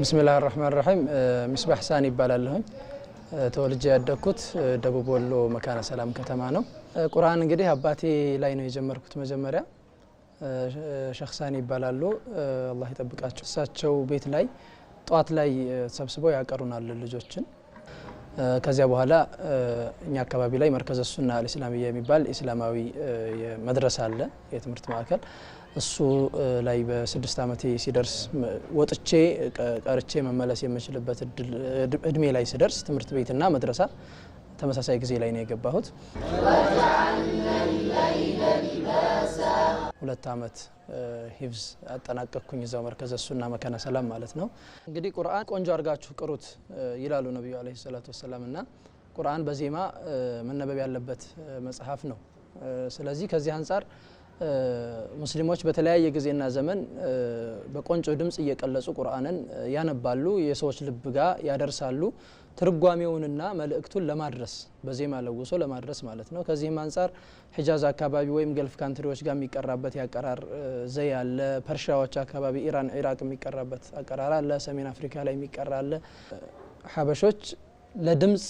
ብስሚላህ ራህማን ራሒም ሚስባህ ሳኒ ይባላለሁኝ። ተወልጄ ያደግኩት ደቡብ ወሎ መካነ ሰላም ከተማ ነው። ቁርአን እንግዲህ አባቴ ላይ ነው የጀመርኩት። መጀመሪያ ሸክ ሳኒ ይባላሉ፣ አላህ ይጠብቃቸው። እሳቸው ቤት ላይ ጠዋት ላይ ሰብስበው ያቀሩናል ልጆችን ከዚያ በኋላ እኛ አካባቢ ላይ መርከዘ ሱና አልእስላሚያ የሚባል ኢስላማዊ መድረስ አለ፣ የትምህርት ማዕከል። እሱ ላይ በስድስት ዓመቴ ሲደርስ ወጥቼ ቀርቼ መመለስ የምችልበት እድሜ ላይ ስደርስ ትምህርት ቤትና መድረሳ ተመሳሳይ ጊዜ ላይ ነው የገባሁት። ሁለት ዓመት ሂብዝ አጠናቀቅኩኝ እዛው መርከዘ ሱና መካነ ሰላም ማለት ነው። እንግዲህ ቁርአን ቆንጆ አድርጋችሁ ቅሩት ይላሉ ነቢዩ አለ ሰላት ወሰላም እና ቁርአን በዜማ መነበብ ያለበት መጽሐፍ ነው። ስለዚህ ከዚህ አንጻር ሙስሊሞች በተለያየ ጊዜና ዘመን በቆንጮ ድምጽ እየቀለጹ ቁርአንን ያነባሉ፣ የሰዎች ልብ ጋር ያደርሳሉ። ትርጓሜውንና መልእክቱን ለማድረስ በዜማ ለውሶ ለማድረስ ማለት ነው። ከዚህም አንጻር ሒጃዝ አካባቢ ወይም ገልፍ ካንትሪዎች ጋር የሚቀራበት ያቀራር ዘ ያለ ፐርሻዎች አካባቢ ኢራን፣ ኢራቅ የሚቀራበት አቀራር አለ። ሰሜን አፍሪካ ላይ የሚቀራ አለ። ሀበሾች ለድምጽ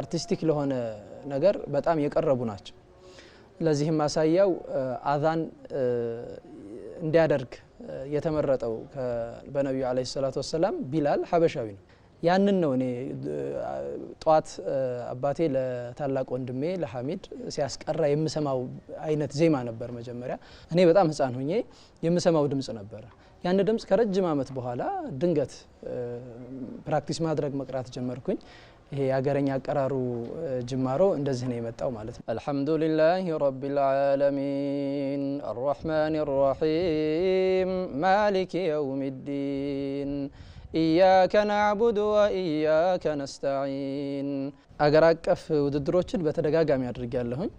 አርቲስቲክ ለሆነ ነገር በጣም የቀረቡ ናቸው። ለዚህም ማሳያው አዛን እንዲያደርግ የተመረጠው በነቢዩ አለ ሰላት ወሰላም ቢላል ሀበሻዊ ነው። ያንን ነው እኔ ጠዋት አባቴ ለታላቅ ወንድሜ ለሐሚድ ሲያስቀራ የምሰማው አይነት ዜማ ነበር። መጀመሪያ እኔ በጣም ህፃን ሁኜ የምሰማው ድምፅ ነበረ። ያን ድምፅ ከረጅም አመት በኋላ ድንገት ፕራክቲስ ማድረግ መቅራት ጀመርኩኝ። ይሄ የሀገረኛ አቀራሩ ጅማሮ እንደዚህ ነው የመጣው ማለት ነው። አልሐምዱሊላህ ረቢል ዓለሚን አርረሕማን ማሊኪ ማሊክ የውሚዲን ኢያከ ናዕቡድ ወኢያከ ነስተዒን አገር አቀፍ ውድድሮችን በተደጋጋሚ አድርጌ ያለሁኝ